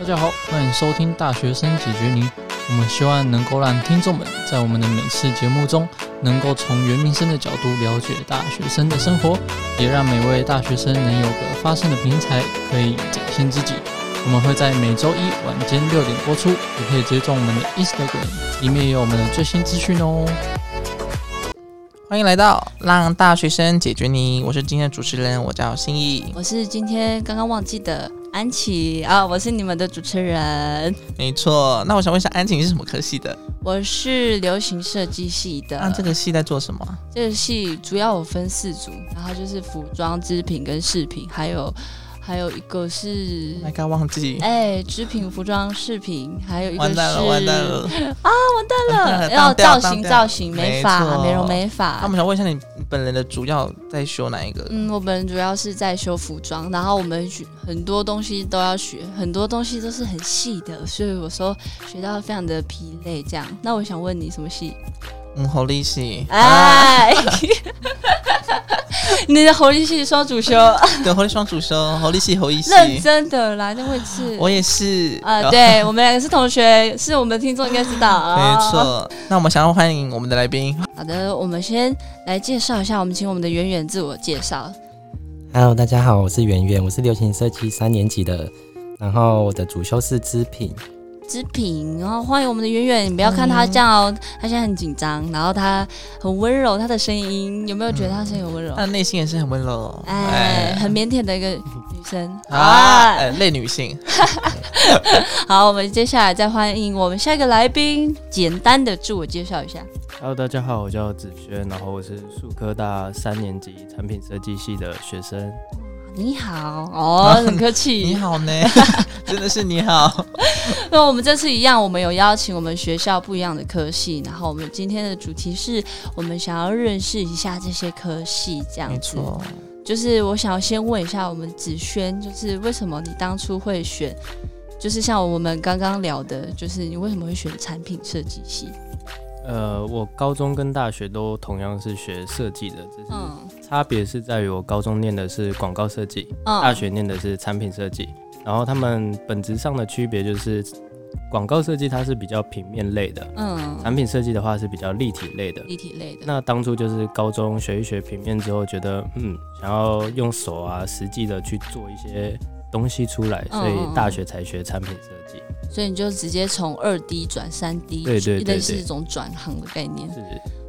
大家好，歡迎收聽《大學生解決你》。我們希望能夠讓聽眾們在我們的每次節目中，能夠從原民生的角度了解大學生的生活，也讓每位大學生能有個發聲的平台，可以展現自己。我們會在每周一晚間六點播出，也可以追蹤我們的 Instagram，裡面有我們的最新資訊哦。歡迎來到《讓大學生解決你》，我是今天的主持人，我叫新一，我是今天剛剛忘記的。安琪啊，我是你們的主持人。沒錯，那我想問一下，安琪是什麼科系的？我是流行設計系的。那、啊、這個系在做什麼？這個系主要我分四組，然後就是服裝、織品跟飾品，還有還有一個是……我、oh、剛忘記。哎、欸，織品、服裝、飾品，還有一個是……完蛋了，完蛋了啊！完蛋了，要造型，造型，美髮，美容，美髮。那、啊、我們想問一下你。本人的主要在修哪一個？嗯，我本人主要是在修服裝，然後我們學很多東西都要學，很多東西都是很細的，所以我說學到非常的疲累。這樣，那我想問你什麼系？嗯，護理系。哎。啊 你的合理系雙主修， 對，合理雙主修，合 理系合理系，認真的來，那位置。我也是，啊，對 我們兩個是同學，是我們的聽眾應該知道，啊， 沒錯。那我們想要歡迎我們的來賓，好的，我們先來介紹一下，我們請我們的圓圓自我介紹。Hello，大家好，我是圓圓，我是流行設計三年級的，然後我的主修是織品。織品，然後歡迎我們的圓圓。你不要看她這樣哦，她、嗯、現在很緊張，然後她很溫柔，她的聲音有沒有覺得她聲音很溫柔？她、嗯、內心也是很溫柔，哎，很靦腆的一個女生啊，類、啊哎、女性。 好，我們接下來再歡迎我們下一個來賓，簡單的自我介紹一下。Hello，大家好，我叫子軒，然後我是樹科大三年級產品設計系的學生。你好，哦，啊，很客氣。你好呢， 真的是你好。 那我們這次一樣，我們有邀請我們學校不一樣的科系，然後我們今天的主題是我們想要認識一下這些科系，這樣子。沒錯，就是我想要先問一下我們子萱，就是為什麼你當初會選，就是像我們剛剛聊的，就是你為什麼會選產品設計系？呃，我高中跟大學都同樣是學設計的，只是差別是在於我高中念的是廣告設計，嗯，大學念的是產品設計，嗯。然後他們本質上的區別就是，廣告設計它是比較平面類的，嗯，產品設計的話是比較立體類的，立體類的。那當初就是高中學一學平面之後，覺得嗯，想要用手啊實際的去做一些。東西出來，所以大學才學產品設計。嗯嗯嗯，所以你就直接從二 D 轉三 D，對對,對,對,對一類似一種轉行的概念。是,是,是，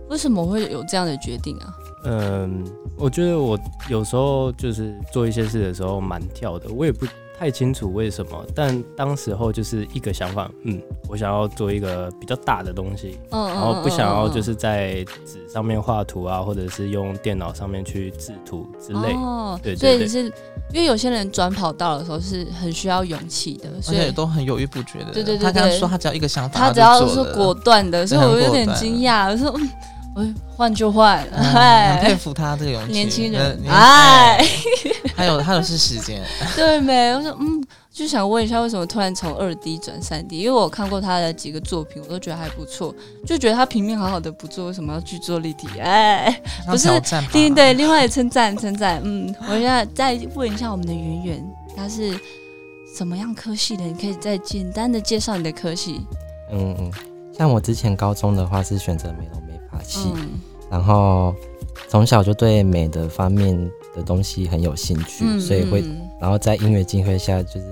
為什麼會有這樣的決定啊？嗯，我覺得我有時候就是做一些事的時候蠻跳的，我也不。太清楚為什麼，但當時候就是一個想法，嗯，我想要做一個比較大的東西，嗯，然後不想要就是在紙上面畫圖啊，嗯，或者是用電腦上面去製圖之類。哦，對，對，對，對，所以是因為有些人轉跑道的時候是很需要勇氣的，所以而且都很猶豫不決的。對對對，對，對，他剛剛說他只要一個想法他，他只要是果斷的，所以我有點驚訝，我說。我換就換，嗯哎，很佩服他這個勇氣。年輕人，哎，還、哎、 有還有是時間，對沒？我說，嗯，就想問一下，為什麼突然從二 D 轉三 D？因為我看過他的幾個作品，我都覺得還不錯，就覺得他平面好好的不做，為什麼要去做立體？哎，不是，另，對，對另外稱讚稱讚，嗯，我現在再問一下我們的圓圓，他是什麼樣科系的？你可以再簡單的介紹你的科系。嗯嗯，像我之前高中的話是選擇美容嗯、然後從小就對美的方面的東西很有興趣，嗯嗯、所以會，然後在因緣際會下就是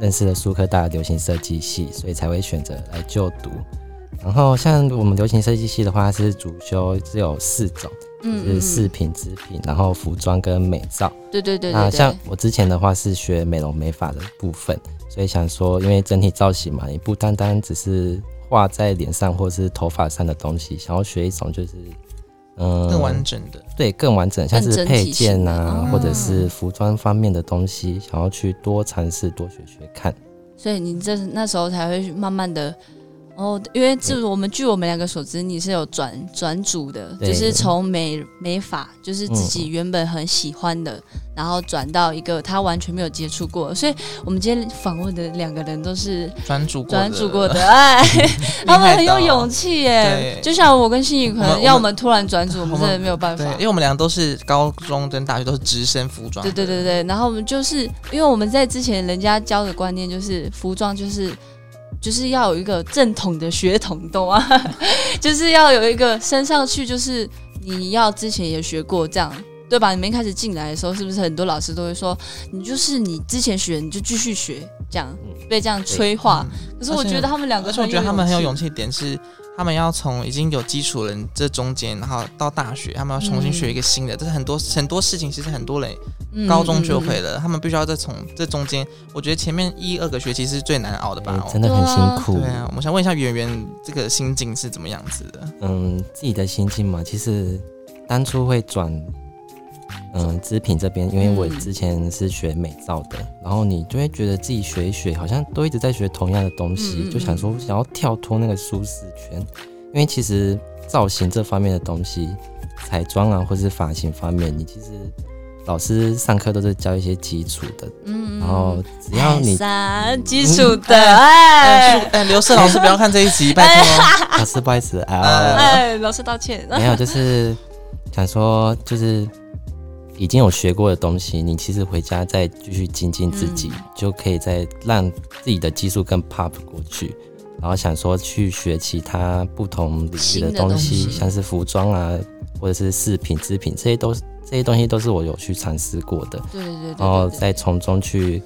認識了樹科大流行設計系，所以才會選擇來就讀。然後像我們流行設計系的話是主修只有四種，就、嗯、是飾品、織品、然後服裝跟美造。嗯嗯、對，對，對對對。那像我之前的話是學美容美髮的部分，所以想說因為整體造型嘛，也不單單只是。掛在臉上或者是頭髮上的東西，想要學一種就是，嗯、呃，更完整的，對，更完整，像是配件啊，啊或者是服裝方面的東西，啊、想要去多嘗試、多學學看。所以你這那時候才會慢慢的。哦、oh，因為就是我們，據我們兩個所知，你是有轉轉組的，對對對，就是從美美髮，就是自己原本很喜歡的，嗯、然後轉到一個他完全沒有接觸過，所以我們今天訪問的兩個人都是轉組轉組過的，哎，他們、 啊、很有勇氣耶！就像我跟馨宇可能要我們突然轉組我我，我們真的沒有辦法，因為我們倆都是高中跟大學都是直升服裝，對對對對，然後我們就是因為我們在之前人家教的觀念就是服裝就是。就是要有一個正統的血統，懂嗎？ 就是要有一個升上去，就是你要之前也學過這樣。對吧？你們一開始進來的時候，是不是很多老師都會說：“你就是你之前學，你就繼續學，這樣被、嗯、這樣催化。嗯”可是我覺得他們兩個都，我覺得他們很有勇氣點是，他們要從已經有基礎人這中間，然後到大學，他們要重新學一個新的。嗯、這是很多很多事情，其實很多人、嗯、高中就會了，嗯、他們必須要再從這中間。我覺得前面一、二個學期是最難熬的吧，欸、真的很辛苦。對啊，對啊，我想問一下圓圓，這個心境是怎麼樣子的？嗯，自己的心境嘛，其實當初會轉。嗯，織品這邊，因為我之前是學美造的，嗯，然後你就會覺得自己學一學，好像都一直在學同樣的東西，嗯嗯嗯，就想說想要跳脫那個舒適圈，因為其實造型這方面的東西，彩妝啊或是髮型方面，你其實老師上課都是教一些基礎的，嗯，嗯，然後只要你基礎的，哎，嗯，哎，劉，哎、勝、哎就是哎，老師不要看這一集，哎、拜託，老師不好意思 哎，哦哎哦，哎，老師道歉，沒、哎、有，就是想說就是。已經有學過的東西，你其實回家再繼續精進自己，嗯，就可以再讓自己的技術更 pop 過去。然後想說去學其他不同領域的、的東西，像是服裝啊，或者是飾品、製品，這些都是，這些東西都是我有去嘗試過的。對對對，對對對，然後再從中去。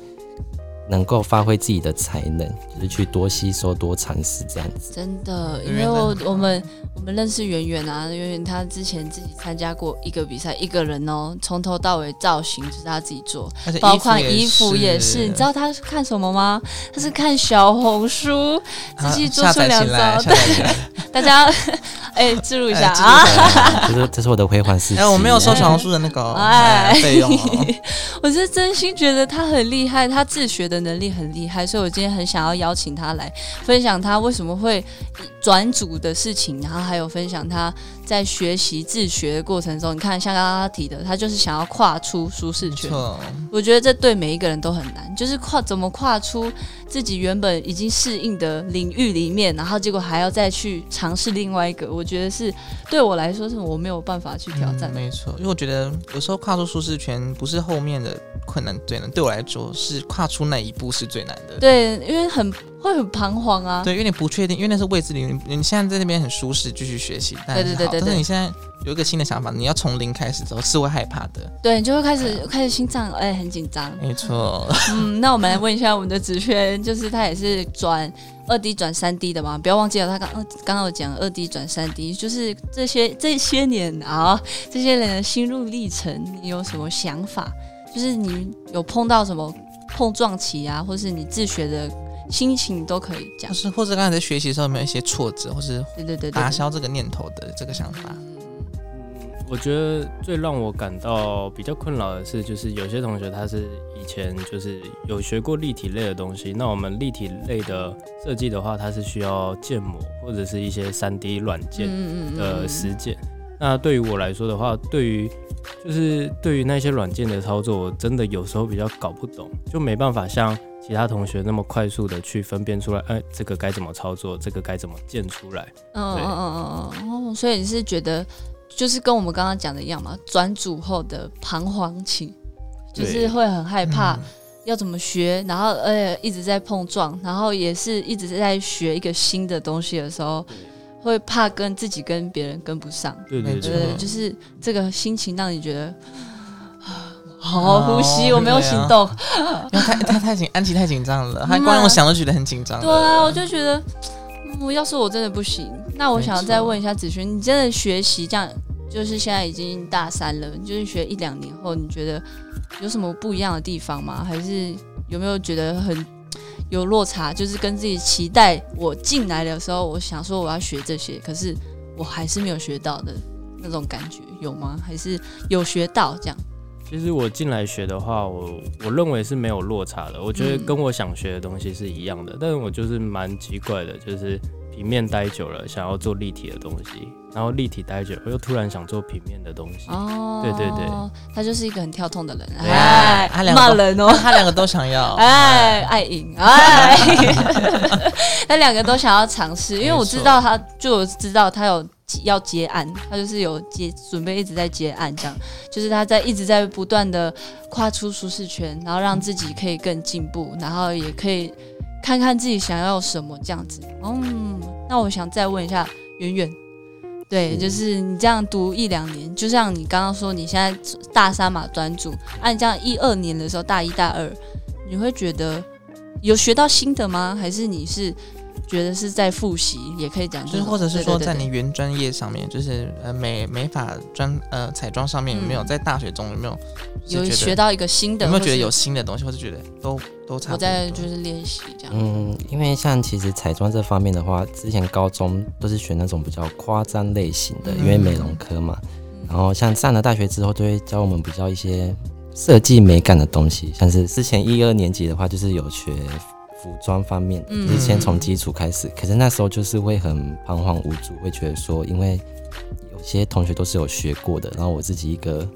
能夠發揮自己的才能，就是去多吸收、多嘗試這樣子。真的，因為我我們我們認識圓圓啊，圓圓她之前自己參加過一個比賽，一個人哦，從頭到尾造型就是她自己做，包括衣服也是。你知道她是看什麼嗎？她、嗯、是看小紅書，仔細做出兩招、啊，對。大家哎記錄一下、欸、一下啊！這是這是我的輝煌事跡。哎，我沒有收小紅書的那個費、欸欸、用、哦。 我是真心覺得他很厲害，他自學的。能力很厲害，所以我今天很想要邀請他來分享他為什麼會轉組的事情，然後還有分享他在學習自學的過程中，你看像剛剛他提的，他就是想要跨出舒適圈、沒錯哦。我覺得這對每一個人都很難，就是跨怎麼跨出自己原本已經適應的領域裡面，然後結果還要再去嘗試另外一個，我覺得是對我來說是我沒有辦法去挑戰的、嗯，沒錯，因為我覺得有時候跨出舒適圈不是後面的。困難對呢，對我來說是跨出那一步是最難的。對，因為很會很彷徨啊。對，因為你不確定，因為那是未知領域。你，你現在在那邊很舒適，繼續學習。但是好對，對對對對。但是你現在有一個新的想法，你要從零開始走，是會害怕的。對，你就會開始、嗯、開始心臟哎、欸、很緊張。沒錯。嗯，那我們來問一下我們的子軒， 就是他也是轉二 D 轉三 D 的嗎？不要忘記了，他剛剛剛我講了二 D 轉三 D，就是這些這些年啊，這些人的心路歷程，你有什麼想法？就是你有碰到什麼碰撞期啊，或者是你自學的心情都可以講。是，或者剛才在學習上面一些挫折，或是對對對，打消這個念頭的這個想法。嗯，我覺得最讓我感到比較困擾的是，就是有些同學他是以前就是有學過立體類的東西。那我們立體類的設計的話，它是需要建模或者是一些三 D 軟件的實踐。嗯嗯嗯。那對於我來說的話，對於就是對於那些軟件的操作，我真的有時候比較搞不懂，就沒辦法像其他同學那麼快速的去分辨出來，哎、欸，這個該怎麼操作，這個該怎麼建出來。嗯嗯嗯嗯嗯。所以你是覺得，就是跟我們剛剛講的一樣嘛，轉組後的彷徨期，就是會很害怕要怎麼學，然後而且、欸、一直在碰撞，然後也是一直是在學一個新的東西的時候。會怕跟自己、跟別人跟不上，對對對對、嗯，對對對，就是這個心情讓你覺得、哦、好好呼吸，哦、我沒有行動，啊、 太太太緊，安琪太緊張了，她光用想都覺得很緊張。對啊，我就覺得、嗯，要是我真的不行，那我想再問一下子軒，你真的學習這樣，就是現在已經大三了，就是學一兩年後，你覺得有什麼不一樣的地方嗎？還是有沒有覺得很？有落差，就是跟自己期待我進來的時候，我想說我要學這些，可是我還是沒有學到的那種感覺，有嗎？還是有學到這樣？其實我進來學的話，我我認為是沒有落差的，我覺得跟我想學的東西是一樣的，嗯，但是我就是蠻奇怪的，就是。平面待久了，想要做立體的東西，然後立體待久了，又突然想做平面的東西。哦，對對對，對，他就是一個很跳痛的人，哎，他兩、哎、哦，他兩個都想要，哎，愛、哎、贏，哎，哎哎哎哎哎哎哎 他兩個都想要嘗試，因為我知道他，就我知道他有要接案，他就是有接準備一直在接案，這樣，就是他在一直在不斷的跨出舒適圈，然後讓自己可以更進步，嗯，然後也可以。看看自己想要什麼這樣子，嗯，那我想再問一下圓圓，對，就是你這樣讀一兩年，就像你剛剛說你現在大三嘛，專注那你這樣一二年的時候，大一、大二，你會覺得有學到新的嗎？還是你是？覺得是在複習，也可以講，就是或者是說，在你原專業上面，對對對對就是美美呃美美髮專呃彩妝上面有沒有、嗯、在大學中有沒有有學到一個新的？有沒有覺得有新的東西，或者覺得都都差不多？我在就是練習這樣。嗯，因為像其實彩妝這方面的話，之前高中都是學那種比較誇張類型的，因為美容科嘛、嗯。然後像上了大學之後，就會教我們比較一些設計美感的東西。像是之前一二年級的話，就是有學。服裝方面，就是先從基礎開始、嗯。可是那時候就是會很彷徨無助，會覺得說，因為有些同學都是有學過的，然後我自己一個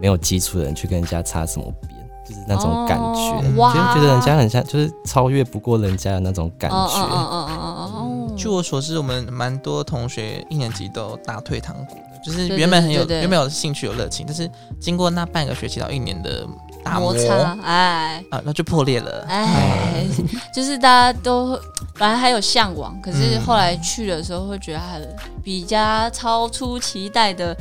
沒有基礎的人去跟人家擦什麼邊，就是那種感覺，哦、就覺得人家很像，就是超越不過人家的那種感覺。據、哦哦哦哦嗯、我所知，我們蠻多同學一年級都打退堂鼓，就是原本很有、對對對原本有興趣、有熱情，但是經過那半個學期到一年的。摩，摩擦，哎啊，那就破裂了。嗯、哎，就是大家都本來還有嚮往，可是後來去的時候會覺得還比較超出期待的，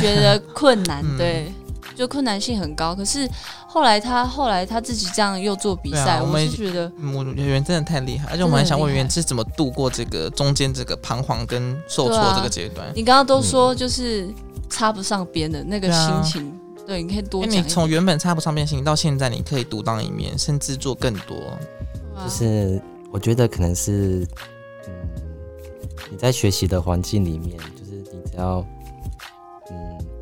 覺得困難，對、嗯，就困難性很高。可是後來他後來他自己這樣又做比賽、啊，我們我是覺得母女袁真的太厲害，而且我們還想問袁是怎麼度過這個中間這個彷徨跟受挫這個階段。啊、你剛剛都說就是、嗯、插不上邊的那個心情。對，你可以多講、欸、你從原本插不上面心，到現在你可以獨當一面，甚至做更多、啊。就是我覺得可能是，嗯，你在學習的環境裡面，就是你只要，嗯，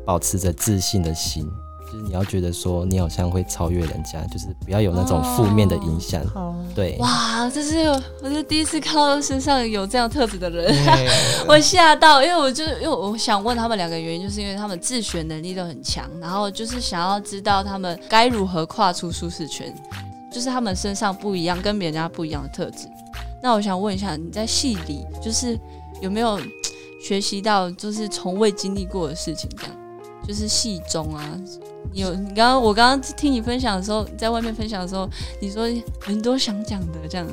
保持着自信的心。就是、你要覺得說你好像會超越人家，就是不要有那種負面的影響、哦。對，哇，這是我，我是第一次看到身上有這樣特質的人， yeah. 我嚇到，因為我就因為我想問他們兩個原因，就是因為他們自學能力都很強，然後就是想要知道他們該如何跨出舒適圈，就是他們身上不一樣，跟別人家不一樣的特質。那我想問一下，你在戲裡就是有沒有學習到就是從未經歷過的事情，這樣？就是戲中啊，你有你剛剛我剛剛聽你分享的時候，在外面分享的時候，你說很多想講的這樣。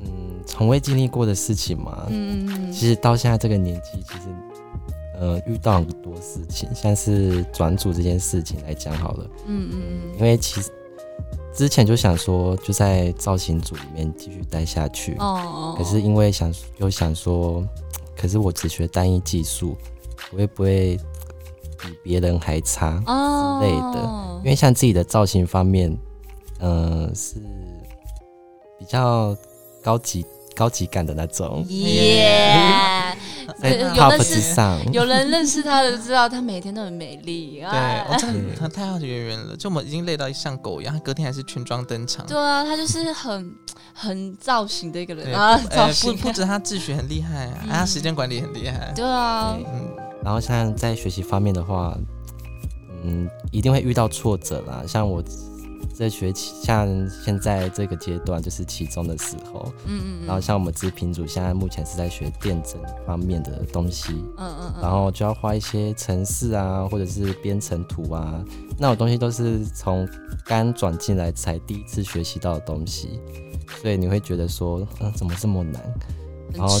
嗯，從未經歷過的事情嘛。嗯，嗯嗯。其實到現在這個年紀，其實呃遇到很多事情，像是轉組這件事情來講好了。嗯，嗯嗯。因為其實之前就想說，就在造型組裡面繼續待下去。哦哦。可是因為想又想說，可是我只學單一技術，我會不會？比別人還差之類的，oh. 因為像自己的造型方面，嗯、呃，是比較高級、高級感的那種。耶、yeah. yeah. 欸，在 top 之上， 有人認識他的知道，他每天都很美麗。 對、 哦這，他太好奇圓圓了，就我們已經累到像狗一樣，他隔天還是全妝登場。對啊，他就是很很造型的一個人啊，不造型、欸、不止 他秩序很厲害啊，嗯、他時間管理很厲害。對啊，對嗯然後像在學習方面的話，嗯，一定會遇到挫折啦。像我在學習，像現在這個階段就是期中的時候，嗯，嗯嗯。然後像我們資品組現在目前是在學電子方面的東西，嗯嗯，嗯然後就要畫一些程式啊，或者是編程圖啊，那種東西都是從剛轉進來才第一次學習到的東西，所以你會覺得說，嗯，怎麼這麼難？嗯、然後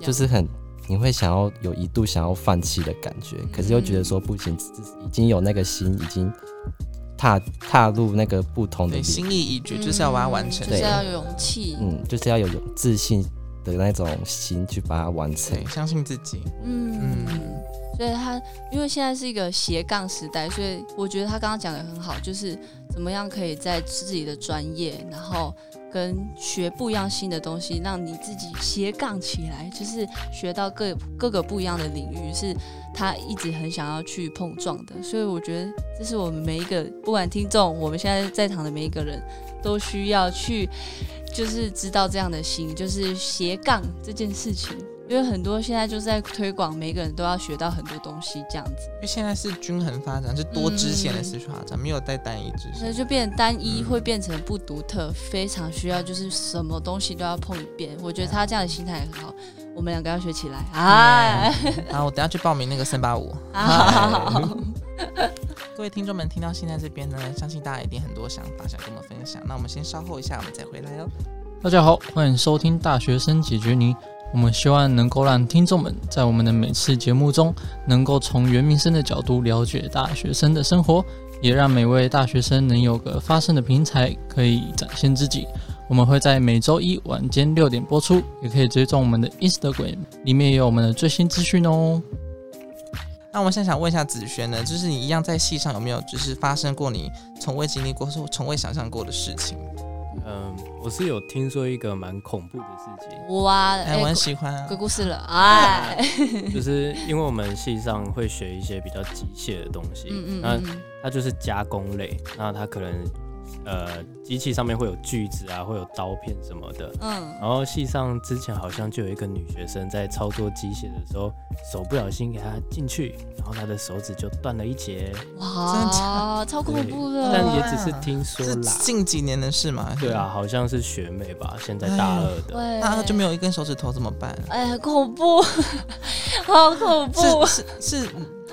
就是很。你會想要有一度想要放棄的感覺，可是又覺得說不行，嗯、已經有那個心，已經踏踏入那個不同的心意已決，就是要把它完成，嗯，就是要有勇氣，嗯，就是要有自信的那種心去把它完成，相信自己，嗯，嗯，所以他因為現在是一個斜槓時代，所以我覺得他剛剛講的很好，就是。怎麼樣可以在自己的專業，然後跟學不一樣新的東西，讓你自己斜槓起來，就是學到各各個不一樣的領域，是他一直很想要去碰撞的。所以我覺得這是我們每一個不管聽眾，我們現在在場的每一個人都需要去，就是知道這樣的心，就是斜槓這件事情。因為很多現在就是在推廣，每個人都要學到很多東西，這樣子。因為現在是均衡發展，是多支線的四處發展，嗯、沒有帶單一支，所、嗯、以就變單一，會變成不獨特、嗯，非常需要就是什麼東西都要碰一遍。我覺得他這樣的心態很好、嗯，我們兩個要學起來 啊！我等下去報名那個三八五。好 ， 各位聽眾們聽到現在這邊呢，相信大家一定很多想法想跟我們分享，那我們先稍後一下，我們再回來哦。大家好，歡迎收聽大學生解決你。我們希望能夠讓聽眾們在我們的每次節目中，能夠從原明生的角度了解大學生的生活，也讓每位大學生能有個發聲的平台，可以展現自己。我們會在每周一晚間六點播出，也可以追蹤我們的 Instagram，裡面也有我們的最新資訊哦。那我們現在想問一下子軒呢，就是你一樣在系上有沒有就是發生過你從未經歷過或從未想象過的事情？嗯、呃，我是有聽說一個蠻恐怖的事情，哇，還、欸、蠻喜歡、啊、鬼故事了，哎、啊啊，就是因為我們系上會學一些比較機械的東西，嗯，嗯，嗯，嗯，那它就是加工類，那它可能。呃，機器上面會有鋸子啊，會有刀片什麼的。嗯，然後系上之前好像就有一個女學生在操作機械的時候，手不小心給她進去，然後她的手指就斷了一截。哇，真的假的？超恐怖的。但也只是聽說啦。啊、近幾年的事嘛。對啊，好像是學妹吧，現在大二的。哎、對啊，那就沒有一根手指頭怎麼辦？哎呀，恐怖， 好恐怖！是是，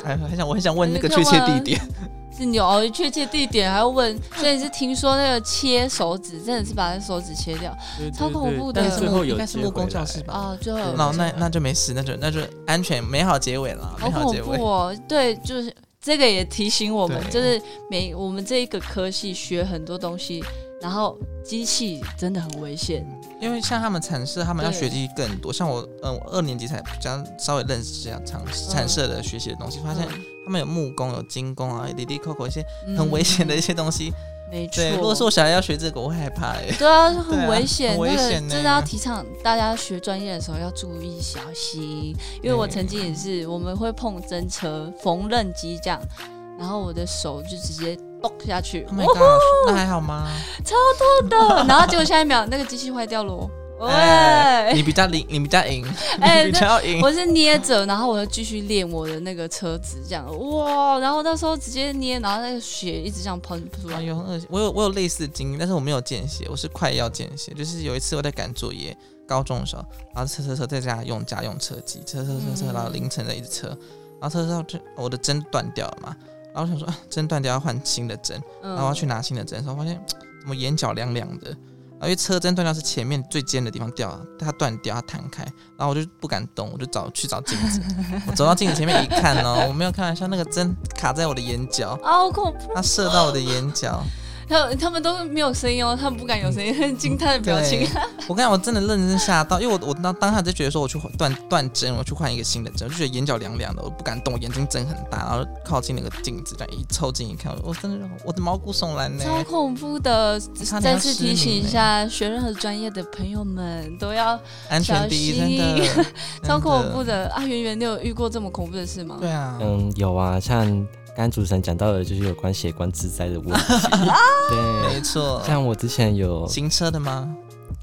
哎，還想，我很想問那個確切地點。是哦，確切，切地點還要問。所以是聽說那個切手指，真的是把那手指切掉，對對對，超恐怖的。最後應該是木工教室吧？啊、哦，最後那那就沒事，那就那就安全美好結尾了，美好結尾。好恐怖哦！對，就是這個也提醒我們，就是每我們這一個科系學很多東西。然後機器真的很危險，嗯、因為像他們產設，他們要學習更多。像我，嗯、呃，我二年級才剛稍微認識這樣產、產設的、嗯、學習的東西、嗯，發現他們有木工、有金工啊，有滴滴扣扣一些、嗯、很危險的一些東西。沒錯，對，如果是我小孩要學這個，我會害怕、欸。對啊， 對啊，很危險，那個真的、欸就是、要提倡大家學專業的時候要注意小心。因為我曾經也是，我們會碰針車、縫紉機這樣，然後我的手就直接。動下去，oh God，那還好嗎？超痛的，然後結果下一秒 那個機器壞掉了。喂你比較靈，你比較贏，哎，你比贏、哎。我是捏着，然後我就繼續練我的那個車子，這樣哇，然後那時候直接捏，然後那個血一直這樣噴出來。有很我有我有類似的經歷，但是我沒有見血，我是快要見血，就是有一次我在趕作業，高中的時候，然後車車車，在家用家用車機車車車車，然後凌晨在一直車、嗯，然後車車就我的針斷掉了嘛。然後我想說，針斷掉要換新的針，嗯、然後我要去拿新的針的時候發現怎麼眼角亮亮的？然後因為車針斷掉是前面最尖的地方掉，它斷掉它彈開，然後我就不敢動，我就找，去找鏡子， 我走到鏡子前面一看哦，我沒有開玩笑，像那個針卡在我的眼角，啊好恐怖，它射到我的眼角。 他他們都沒有聲音哦，他們不敢有聲音，很、嗯、 驚嘆的表情、啊。我跟你講，我真的認真嚇到，因為我我當當下就覺得說我，我去換斷斷針，我去換一個新的針，我就覺得眼角涼涼的，我不敢動，眼睛睜很大，然後靠近那個鏡子，這樣一湊近一看，我真的我的毛骨悚然呢、欸。超恐怖的！再次提醒一下，學任何專業的朋友們都要安全第一。超恐怖的！阿圓圓，你有遇過這麼恐怖的事嗎？對啊，嗯，有啊，像。剛剛主持人講到的，就是有關血光之災的問題，啊。對，沒錯。像我之前有行車的嗎？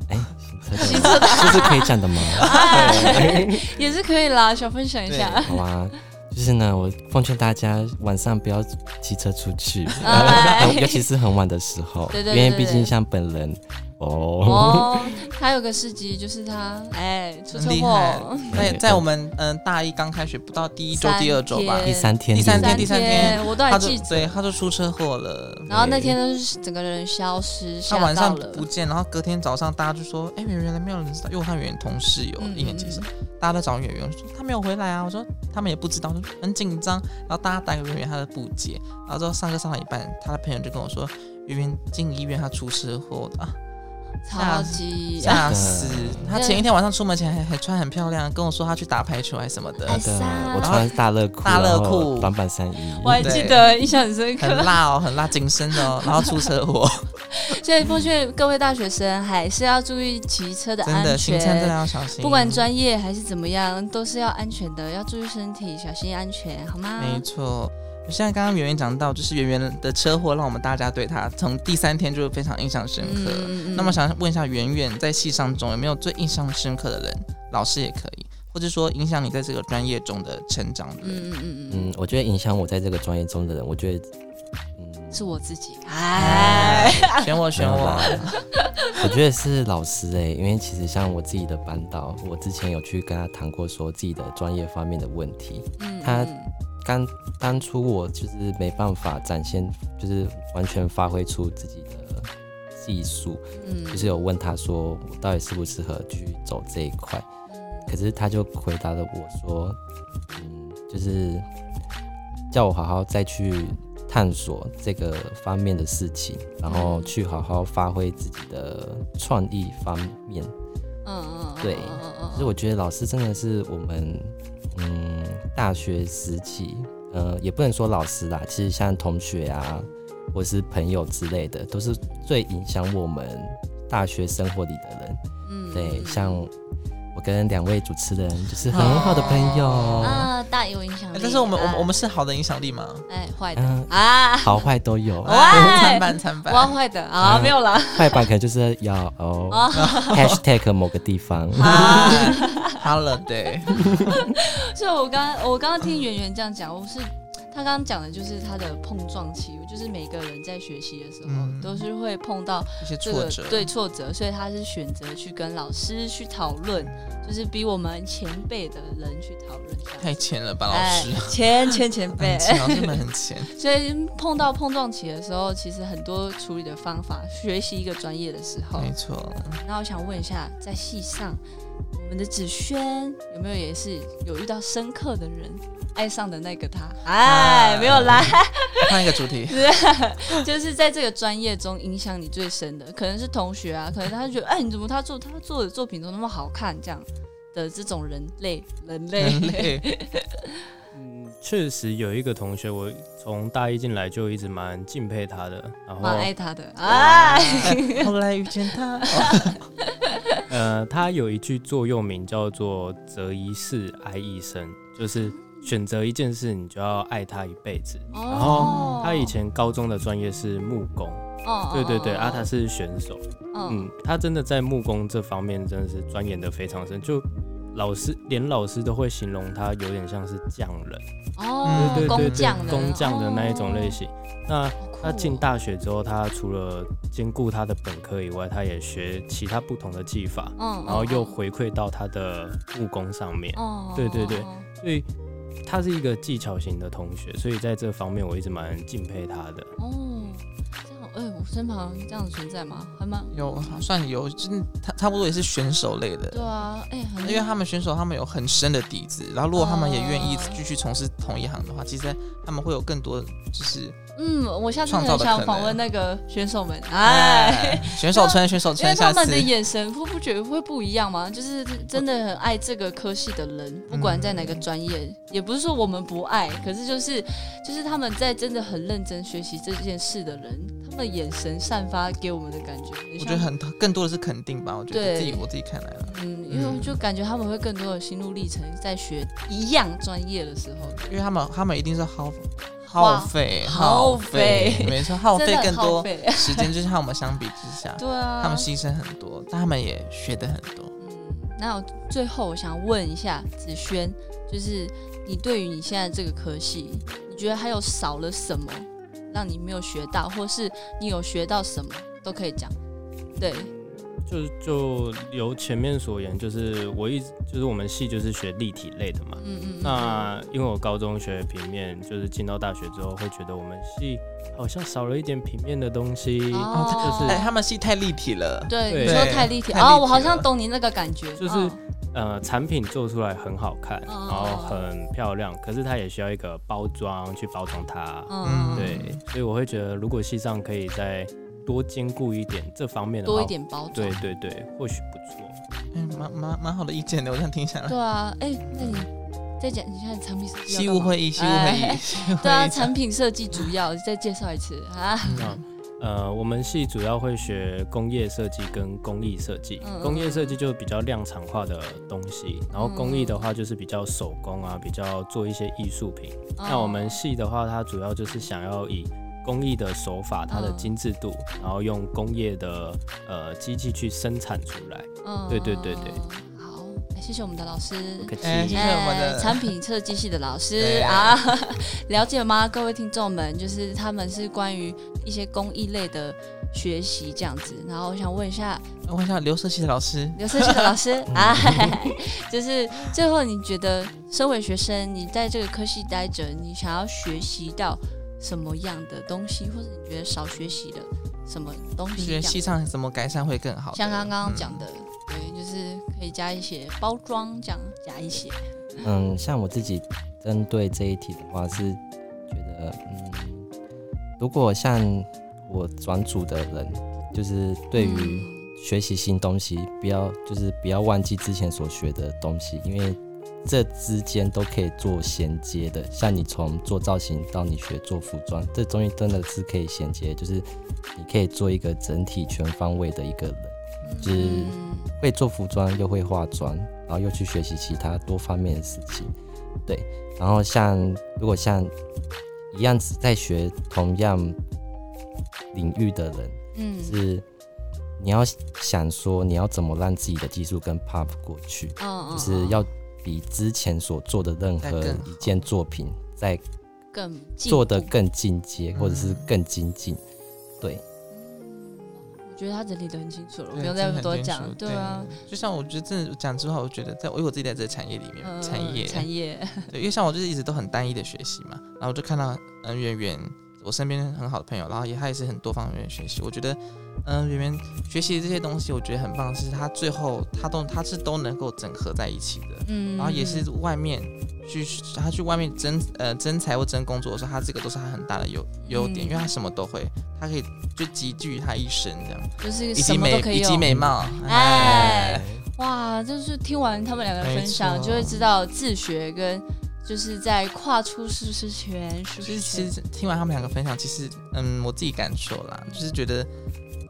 哎，行車的嗎，行車的車是不是可以講的嗎？啊，對，也是可以啦，想分享一下。好啊，就是呢，我奉勸大家晚上不要騎車出去，啊，啊，尤其是很晚的時候。對對對，對，對。因為畢竟像本人。哦，還有個司機，就是他，哎、欸，出車禍。在在我們嗯、呃、大一剛開學不到第一周、 第二週吧，第三天、第三天、第三天，三天他就我都他就對，他就出車禍了。然後那天就是整個人消失，他晚上不見然後隔天早上，大家就說：“哎、欸，原來沒有人知道，因為他原同室友、嗯、一年級生，大家都找圓圓說他沒有回來啊。”我說：“他們也不知道，就很緊張。”然後大家打圓圓，他都不接。然後之後上課上到一半，他的朋友就跟我說：“圓圓進醫院，他出車禍了。啊超級嚇死、啊！他前一天晚上出門前還還穿很漂亮，跟我說他去打排球還是什麼的。啊、我穿大樂褲，大樂褲，短板衫。我還記得，印象很深刻。很辣哦，很辣，緊身哦。 然後出車禍。 所以奉勸、嗯、各位大學生，還是要注意騎車的安全，行車真的要小心。不管專業還是怎麼樣，都是要安全的，要注意身體，小心安全，好嗎？沒錯。現在剛剛圓圓講到，就是圓圓的車禍，讓我們大家對他從第三天就非常印象深刻。那麼想問一下，圓圓在系上中有沒有最印象深刻的人？老師也可以，或者說影響你在這個專業中的成長的人？嗯，我覺得影響我在這個專業中的人，我覺得。是我自己哎、嗯，選我選我， 我覺得是老師哎、欸，因為其實像我自己的班導，我之前有去跟他談過說自己的專業方面的問題，嗯，他剛當初我就是沒辦法展現，就是完全發揮出自己的技術，嗯，就是有問他說我到底適不適合去走這一塊，可是他就回答了我說，嗯，就是叫我好好再去。探索這個方面的事情，然後去好好發揮自己的創意方面。嗯對，所以我覺得老師真的是我們，嗯，大學時期，嗯、呃，也不能說老師啦，其實像同學啊，或是朋友之類的，都是最影響我們大學生活裡的人。嗯，對，像。跟兩位主持人就是很很好的朋友啊、哦呃，大有影響力、欸。但是我們我們、啊、我們是好的影響力嗎？哎、欸，壞的啊，啊，好壞都有。哇、哎，慘板慘板，哇，壞的啊，啊，沒有啦。壞板可能就是要哦 hashtag 某個地方。哈、哦、冷，對、 啊。就 Holiday 我剛我剛剛聽圓圓這樣講，嗯、我不是。他剛剛講的就是他的碰撞期，就是每個人在學習的時候、嗯、都是會碰到、這個、一些挫折，對挫折，所以他是選擇去跟老師去討論，就是比我們前輩的人去討論。太前了吧，老師？哎、前，前前前輩，老師們很前。 所以碰到碰撞期的時候，其實很多處理的方法，學習一個專業的時候，沒錯。那我想問一下，在系上。我們的子軒有沒有也是有遇到深刻的人，愛上的那個他？哎，啊、沒有來。換一個主題、 啊，就是在這個專業中影響你最深的，可能是同學啊，可能他覺得，哎、欸，你怎麼他做他做的作品都那麼好看，這樣的這種人類，人類。人類 嗯，確實有一個同學，我從大一進來就一直蠻敬佩他的，然後蠻愛他的。哎，後、 哎、來遇見他。 呃，他有一句座右銘叫做“擇一事愛一生”，就是選擇一件事，你就要愛他一輩子、哦。然後他以前高中的專業是木工，哦，對對對，哦、啊，他是選手、哦，嗯，他真的在木工這方面真的是鑽研得非常深，就老師連老師都會形容他有點像是匠人，哦，對對對,對,對工匠。工匠的那一種類型。哦那他進大學之後，他除了兼顧他的本科以外，他也學其他不同的技法，然後又回饋到他的務工上面，對對對，所以他是一個技巧型的同學，所以在這方面我一直蠻敬佩他的，哎、欸，我身旁這樣子存在嗎？很嗎？有算有，真，他差不多也是選手類的。對啊，哎、欸，很，因為他們選手他們有很深的底子，然後如果他們也願意繼續從事同一行的話、啊，其實他們會有更多就是的嗯，我下次很想訪問那個選手們。哎、欸，選手穿選手穿。因為他們的眼神會不覺得會不一樣嗎？就是真的很愛這個科系的人，嗯、不管在哪個專業，也不是說我們不愛，可是就是就是他們在真的很認真學習這件事的人。的眼神散發給我們的感覺，我覺得很更多的是肯定吧。我覺得自己我自己看來了，嗯，因為就感覺他們會更多的心路歷程，在學一樣專業的時候，嗯、因為他們他們一定是耗耗費耗費，沒錯，耗費更多時間，就是和我們相比之下， 對啊，他們犧牲很多，但他們也學的很多。嗯，那最後我想問一下子軒，就是你對於你現在這個科系，你覺得還有少了什麼？讓你沒有學到，或是你有學到什麼都可以講，對。就是就由前面所言，就是我一直就是我們系就是學立體類的嘛，嗯嗯、嗯。那因為我高中學平面，就是進到大學之後會覺得我們系好像少了一點平面的東西，哦、就是、欸、他們系太立體了。對，對你說太立體啊、哦哦，我好像懂你那個感覺，就是。哦呃，產品做出來很好看，然後很漂亮，哦、可是它也需要一個包裝去包裝它。嗯，對，所以我會覺得，如果系上可以再多兼顧一點這方面的話，多一點包裝，對對對，或許不錯。嗯、欸，蠻蠻蠻好的意見的，我想聽一下。對啊，哎、欸，那你再講一下產品設計。系務會議，系務會議。對啊，產品設計主要 再介紹一次啊。嗯啊呃，我們系主要會學工業設計跟工藝設計。Uh -huh. 工業設計就是比較量產化的東西，然後工藝的話就是比較手工啊，uh -huh. 比較做一些藝術品。Uh -huh. 那我們系的話，它主要就是想要以工藝的手法，它的精緻度，uh -huh. 然後用工業的呃機器去生產出來。Uh -huh. 對對對對。謝謝我們的老師，哎、謝謝我們的產品設計系的老師啊，啊，了解嗎？各位聽眾們，就是他們是關於一些工藝類的學習這樣子。然後我想問一下，我問一下劉設系的老師，劉設系的老師 啊，就是最後你覺得，身為學生，你在這個科系待着，你想要學習到什麼樣的東西，或者你覺得少學習了什麼東西，你覺得系上怎麼改善會更好？像剛剛講的。嗯對，就是可以加一些包裝，這樣加一些。嗯，像我自己針對這一題的話，是覺得，嗯，如果像我轉組的人，就是對於學習新東西，嗯、不要就是不要忘記之前所學的東西，因為這之間都可以做銜接的。像你從做造型到你學做服裝，這東西真的是可以銜接，就是你可以做一個整體全方位的一個人。就是會做服裝，又會化妝，然後又去學習其他多方面的事情，對。然後像如果像一樣子在學同樣領域的人，嗯，就是你要想說你要怎麼讓自己的技術更 pop 過去，哦，就是要比之前所做的任何一件作品再更做得更進階，或者是更精進，對。覺得他整理都很清楚了，我沒有再多講。對啊，對，就像我覺得真的講之後，我覺得在我我自己在這個產業裡面，嗯、產業產業、啊， 因為像我就是一直都很單一的學習嘛，然後就看到嗯，圓圓。我身邊很好的朋友，然後也他也是很多方面學習。我覺得，嗯、呃，圓圓學習這些東西，我覺得很棒。是他最後他都他是都能夠整合在一起的，嗯。然後也是外面去他去外面爭呃爭財或爭工作的時候，他這個都是他很大的優優點，嗯，因為他什麼都會，他可以就集聚他一生這樣。就是一個什麼都可以。以及美，以及美貌，哎，哎哎哎哇，就是聽完他們兩個分享，就會知道自學跟。就是在跨出舒適圈。就是其實聽完他們兩個分享，其實嗯，我自己感受啦，就是覺得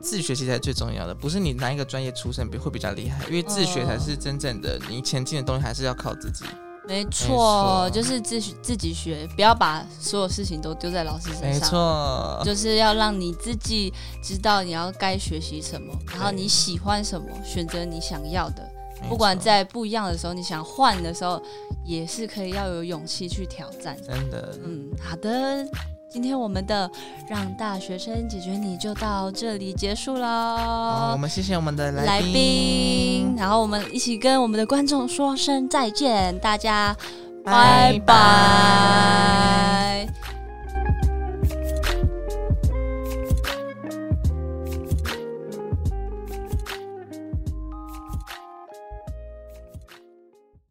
自學其實才最重要的，不是你哪一個專業出身比會比較厲害，因為自學才是真正的、哦、你前進的東西，還是要靠自己。沒錯，就是自自己學，不要把所有事情都丟在老師身上。沒錯，就是要讓你自己知道你要該學習什麼，然後你喜歡什麼，選擇你想要的。不管在不一樣的時候，你想換的時候，也是可以要有勇氣去挑戰。真的，嗯，好的，今天我們的讓大學生解決你就到這裡結束嘍。好，我們謝謝我們的來賓、來賓，然後我們一起跟我們的觀眾說聲再見，大家拜拜。拜拜。